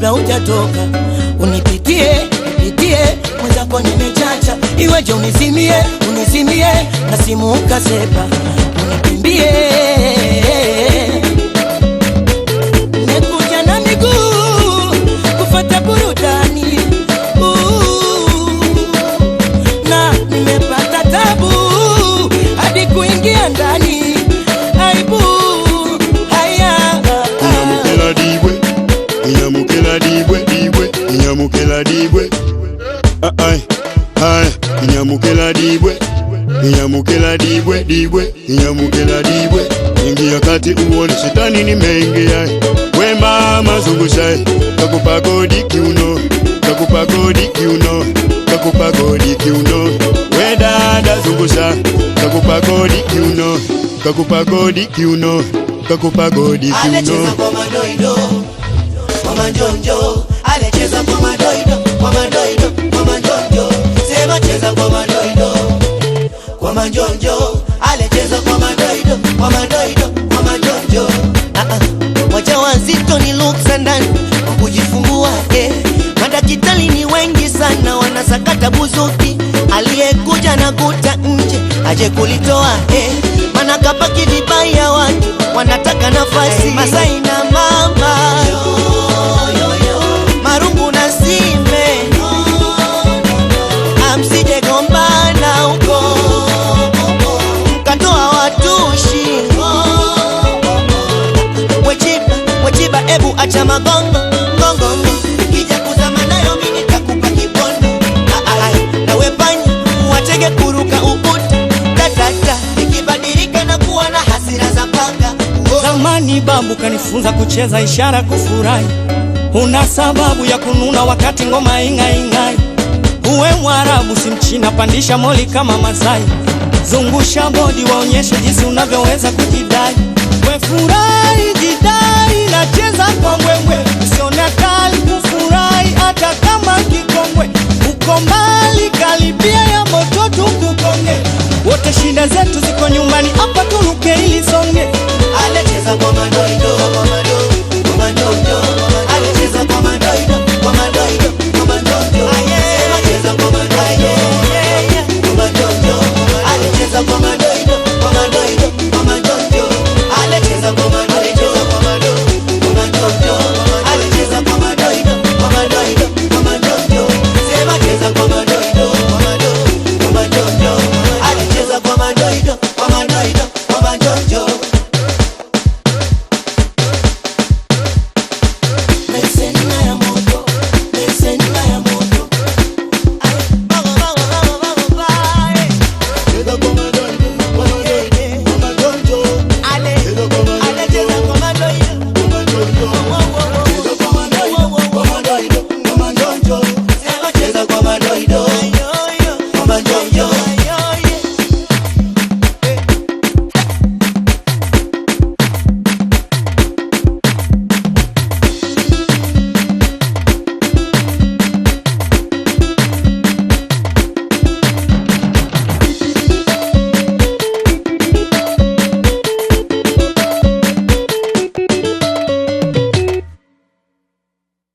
kabla hujatoka unipitie nipitie mwenzako nimechacha, iweje unizimie unizimie na simu ukasepa unikimbie inyamukela dibwe inyamukela dibwe dibwe inyamukela dibwe ingia kati uone shetani nimeingia wema mazungushai kakupa godi kiuno kakupa godi kiuno kakupa godi kiuno we dada zungusha kakupa godi kiuno kakupa godi kiuno kakupa godi kiuno Mama Jojo majonjo, alicheza kwa madoido, kwa madoido, kwa majonjo. Ah, ah. wazito ni looks and kwa kujifungua, eh. Madaktari ni wengi sana, wanasakata buzuki, aliyekuja na kuta nje aje kulitoa, eh. Maana kabaki vibaya, watu wanataka nafasi Masai na mama cha magongo ah, ah, ah. watege kuruka tatata, na kuwa na hasira za panga. Zamani babu kanifunza kucheza ishara kufurahi, una sababu ya kununa wakati ngoma ing'aing'ai. Uwe Mwarabu si Mchina, pandisha moli kama Masai, zungusha bodi waonyeshe jinsi unavyoweza kujidai. Tuko mbali kalibia ya moto tukukonge, wote shida zetu ziko nyumbani, hapa tuluke ili songe, anacheza kwa